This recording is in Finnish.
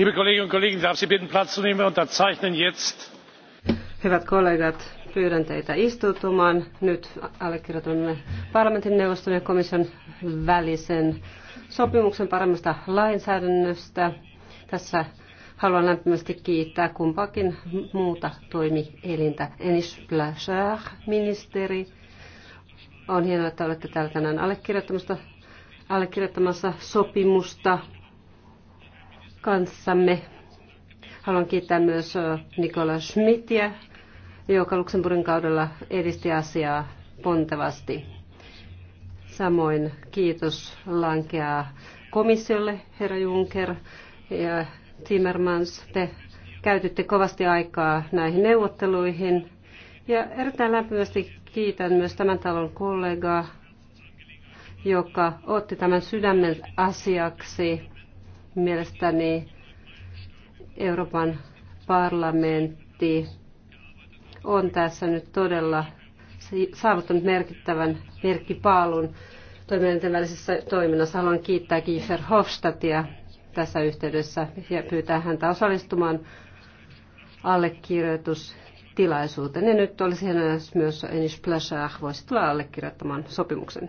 liebe kolleginnen und kollegen ich darf sie bitten platz zu nehmen. wir unterzeichnen jetzt hyvät kollegat pyydän teitä istuutumaan. Nyt allekirjoitamme parlamentin neuvoston ja komission välisen sopimuksen paremmasta lainsäädännöstä. Tässä haluan lämpimästi kiittää kumpakin muuta toimielintä. Enis Blachard, ministeri. On hienoa, että olette täällä tänään allekirjoittamassa, allekirjoittamassa sopimusta kanssamme. Haluan kiittää myös Nikola Schmidtiä, joka Luxemburgin kaudella edisti asiaa pontevasti. Samoin kiitos lankeaa komissiolle, herra Juncker ja Timmermans. Te käytitte kovasti aikaa näihin neuvotteluihin. Ja erittäin lämpimästi kiitän myös tämän talon kollegaa, joka otti tämän sydämen asiaksi Mielestäni Euroopan parlamentti on tässä nyt todella saavuttanut merkittävän merkkipaalun toimijoiden välisessä toiminnassa. Haluan kiittää Kiefer Hofstadtia tässä yhteydessä ja pyytää häntä osallistumaan allekirjoitustilaisuuteen. Ja nyt olisi hienoa, jos myös Enish Plashah voisi tulla allekirjoittamaan sopimuksen.